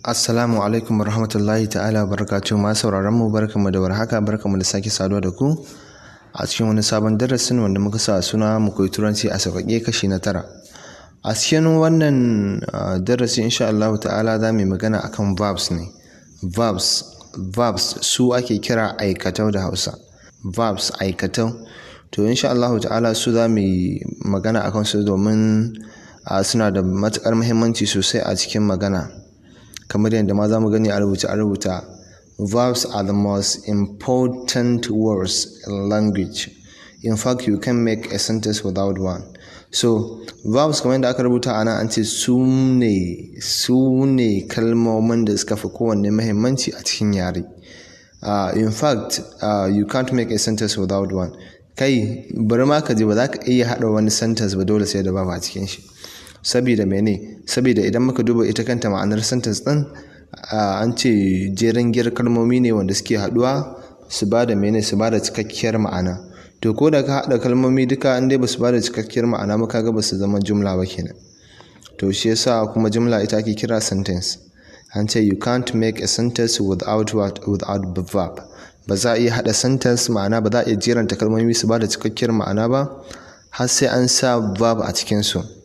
Assalamu alaikum warahmatullahi ta'ala barakatuh ma sauraron mu barkamu da warhaka barkamu da sake saduwa da ku a cikin wani sabon darasin wanda muka sa suna mu koyi turanci a sauƙaƙe kashi na tara a cikin wannan darasi insha Allah ta'ala za mu magana akan verbs ne verbs verbs su ake kira aikatau da Hausa verbs aikatau to insha Allah ta'ala su za mu magana akan su domin suna da matukar muhimmanci sosai a cikin magana kamar yadda ma za mu gani a rubuce a rubuta verbs are the most important words in language in fact you can make a sentence without one so verbs kamar yadda aka rubuta ana an ce su ne su ne kalmomin da suka fi kowanne mahimmanci a cikin yare uh, in fact uh, you can't make a sentence without one kai bari ma ka je ba za ka iya haɗa wani sentence ba dole sai da ba a cikin shi sabida mene sabida idan muka duba ita kanta ma'anar sentence din an ce jeren giyar kalmomi ne wanda suke haduwa su ba da mene su ba da cikakkiyar ma'ana to ko da ka haɗa kalmomi duka an dai ba su ba da cikakkiyar ma'ana ba ga ba su zama jumla ba kenan to shi yasa kuma jumla ita ake kira sentence an ce you can't make a sentence without what, without verb ba za a iya haɗa sentence ma'ana ba za a iya jeranta kalmomi su ba da cikakkiyar ma'ana ba har sai an sa verb a cikin su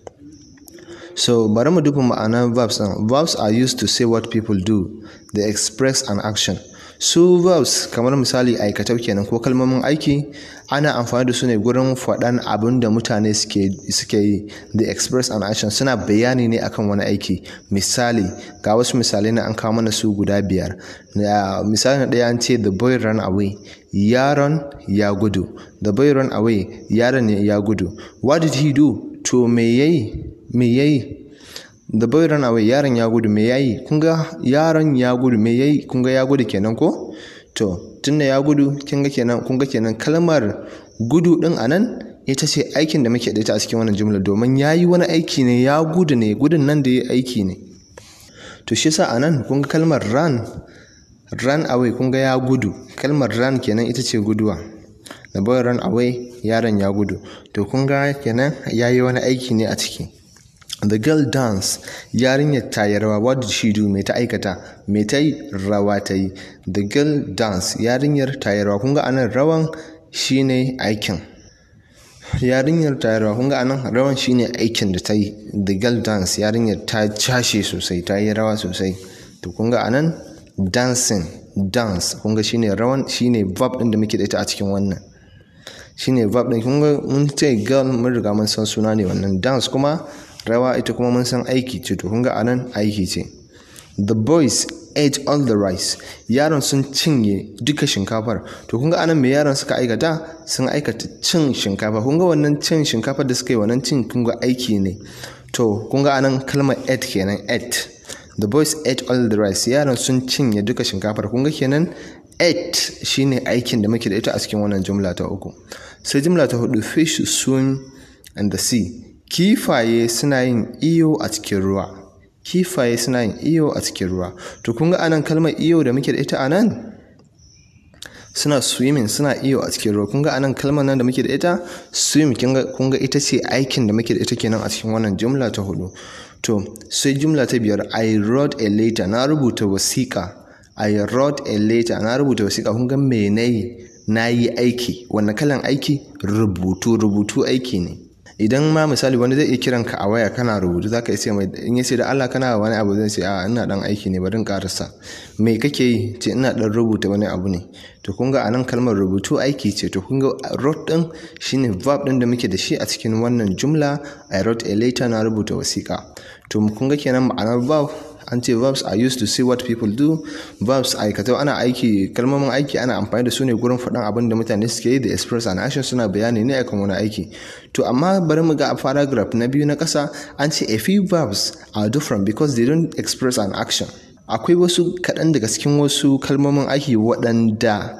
So bari mu duba ma'anar verbs ɗin. Verbs are used to say what people do. They express an action. Su verbs kamar misali aikatau kenan ko kalmomin aiki ana amfani da su ne gurin faɗan abin da mutane suke yi. They express an action suna bayani ne akan wani aiki. Misali ga wasu misalai na an kawo mana su guda biyar. Misali na ɗaya an ce the boy ran away. Yaron ya gudu. The boy ran away. Yaron ya gudu. What did he do? To me yayi? me yayi da bai ran away yaron ya gudu me yayi kun ga yaron ya gudu me yayi kun ga ya gudu kenan ko to tunda ya gudu kin ga kenan kun ga kenan kalmar gudu din anan ita ce aikin da muke da ita a cikin wannan jumla domin yayi wani aiki ne ya gudu ne gudun nan da yayi aiki ne to shi yasa anan kun ga kalmar ran ran away kun ga ya gudu kalmar ran kenan ita ce guduwa da boy ran away yaron ya gudu to kun ga kenan yayi wani aiki ne a ciki The girl dance Yarinyar ta yi rawa. What did she do? Me ta aikata? Me ta yi? Rawa ta yi. The girl dance Yarinyar ta yi rawa. kunga anan rawan shine aikin. Yarinyar ta yi rawa. kunga anan rawan shine aikin da ta yi. The girl dance Yarinyar ta cashe sosai. Ta yi rawa sosai. To kunga anan dancing. Dance. kunga shine rawan shine verb ɗin da muke da ita a cikin wannan. Shine verb din kunga mun ce girl mun riga mun san suna ne wannan. Dance kuma rawa ita kuma mun san aiki ce to kun ga anan aiki ce the boys ate all the rice yaron sun cinye duka shinkafar to kun ga anan me yaron suka aikata sun aikata cin shinkafa kun ga wannan cin shinkafar da suka yi wannan cin kunga aiki ne to kun ga anan kalmar ate kenan ate the boys ate all the rice Yaron sun cinye duka shinkafar kun ga kenan ate shine aikin da muke da ita a cikin wannan jumla ta uku sai jumla ta hudu fish swim and the sea kifaye suna yin iyo a cikin ruwa kifaye suna yin iyo a cikin ruwa to kun ga anan kalmar iyo da muke da ita anan suna swimming suna iyo a cikin ruwa kun ga anan kalmar nan da muke da ita swim kun ga ita ce aikin da muke da ita kenan a cikin wannan jumla ta hudu to sai jumla ta biyar i wrote a letter na rubuta wasiƙa i wrote a letter na rubuta wasiƙa kun ga me na yi aiki wannan kalan aiki rubutu rubutu aiki ne idan ma misali wani zai iya kiran ka a waya kana rubutu zaka iya ce mai in ya yace da Allah kana wani abu zai ce a ina dan aiki ne bari karasa me kake yi ce ina dan rubuta wani abu ne to kun ga anan kalmar rubutu aiki ce to kun ga rot din shine verb din da muke da shi a cikin wannan jumla i wrote a letter na rubuta wasiƙa to kun ga kenan ma'anar verb an ce verbs are used to see what people do verbs aikatau ana aiki kalmomin aiki ana amfani da su ne gurin faɗan abin da mutane suke yi da express an action suna bayani ne akan wani aiki to amma bari mu ga a paragraph na biyu na ƙasa an ce a few verbs are different because they don't express an action akwai wasu kaɗan daga cikin wasu kalmomin aiki waɗanda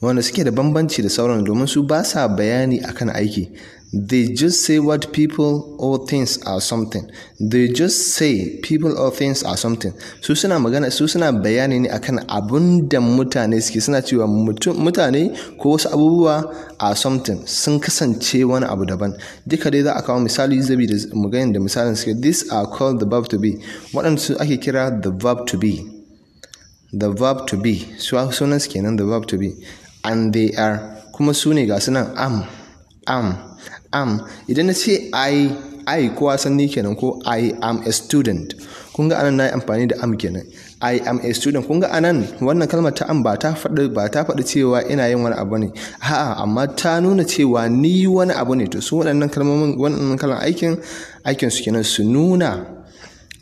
wanda suke da bambanci da sauran domin su ba sa bayani akan aiki They just say what people or things are something. They just say people or things are something. Su suna magana su suna bayani ne akan abun da mutane suke suna cewa mutane ko wasu abubuwa are something sun kasance wani abu daban. Duka dai za a kawo misali zabi da magana da misalin suke. These are called the verb to be. Waɗansu ake kira the verb to be. The verb to be. Sunan su kenan the verb to be. And they are kuma su ne ga sunan am am am idan na ce i i kowa san kenan ko i am a student kun ga anan na yi amfani da am kenan i am a student kun ga anan wannan kalmar ta am ba ta faɗi ba ta faɗi cewa ina yin wani abu ne a'a amma ta nuna cewa ni wani abu ne to su waɗannan kalmomin wannan kalan aikin aikin su kenan su nuna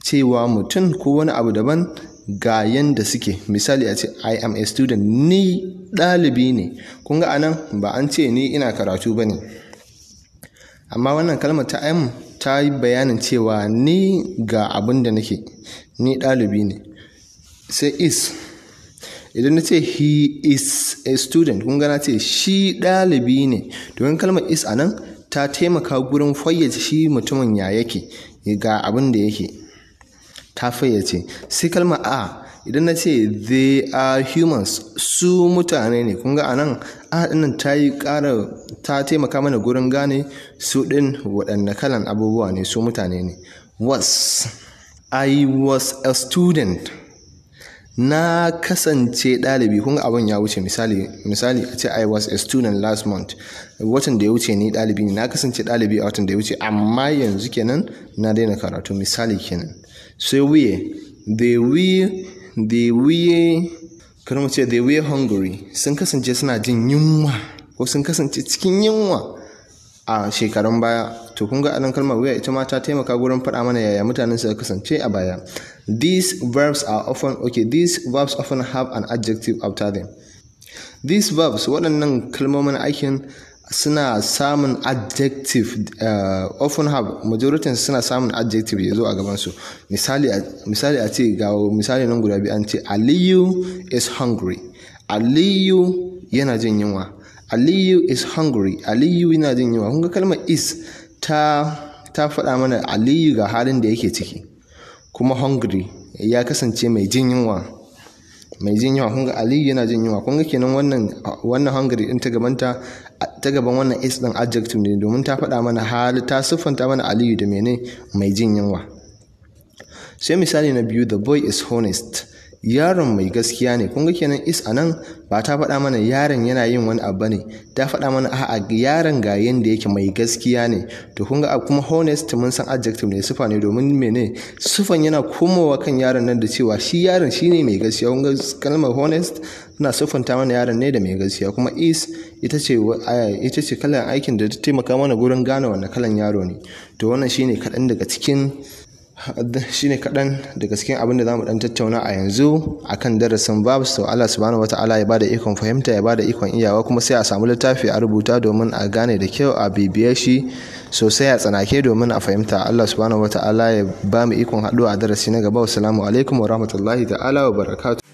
cewa mutum ko wani abu daban ga yanda suke misali a ce i am a student ni ɗalibi ne kun ga anan ba an ce ni ina karatu ba ne amma wannan kalmar ta am ta yi bayanin cewa ni ga abin da nake ni ɗalibi ne sai is idan na ce he is a student kun gana ce shi ɗalibi ne domin kalmar is a nan ta taimaka gurin fayyace shi mutumin ya yake ga abin da yake ta fayyace sai kalmar a idan na ce they are humans su mutane ne kunga anan ahaɗin ta yi ƙara ta taimaka mana gurin gane su ɗin waɗanne kalan abubuwa ne su mutane ne was I was a student na kasance ɗalibi Kunga abin ya wuce misali a ce I was a student last month watan da ya wuce ni ɗalibi ne na kasance ɗalibi a watan da ya wuce amma yanzu kenan na daina karatu misali kenan sai we they we The were kar mu ce sun kasance suna jin yunwa ko sun kasance cikin yunwa a shekarun baya to kun ga anan kalmar wuya ita ma ta taimaka gurin faɗa mana yaya mutanen suka kasance a baya these verbs are often okay these verbs often have an adjective after them these verbs waɗannan kalmomin aikin suna samun adjective uh, often have majority suna samun adjective ya zo a gabansu misali misali a ce ga misali nan guda biyu an ce aliyu is hungry aliyu yana jin yunwa aliyu is hungry aliyu yana jin yunwa kun ga kalmar is ta ta faɗa mana aliyu ga halin da yake ciki kuma hungry ya kasance mai jin yunwa mai jin yunwa kun ga aliyu yana jin yunwa kun ga kenan wannan wannan hungry din ta gabanta ta gaban wannan is din adjective ne domin ta faɗa mana hali ta siffanta mana aliyu da mene mai jin yunwa sai misali na biyu the boy is honest yaron mai gaskiya ne kun ga kenan is anan ba ta faɗa mana yaron yana yin wani abu ne ta faɗa mana a yaron ga yanda yake mai gaskiya ne to kun ga kuma honest mun san adjective ne sufa ne domin mene sufan yana komowa kan yaron nan da cewa shi yaron ne mai gaskiya kun ga kalmar honest suna sufanta mana yaron ne da mai gaskiya kuma is ita ce ita ce kalan aikin da ta taimaka mana gurin gane wannan kalan yaro ne to wannan shine kaɗan daga cikin shine kaɗan daga cikin abin da zamu ɗan tattauna a yanzu akan darasin babu su Allah subhanahu ta'ala ya bada ikon fahimta ya da ikon iyawa kuma sai a samu littafi a rubuta domin a gane da kyau a bibiye shi sosai a tsanake domin a fahimta Allah subhanahu ta'ala ya ba mu ikon haɗuwa a darasi na gaba wassalamu alaikum wa rahmatullahi ta'ala wa barakatu.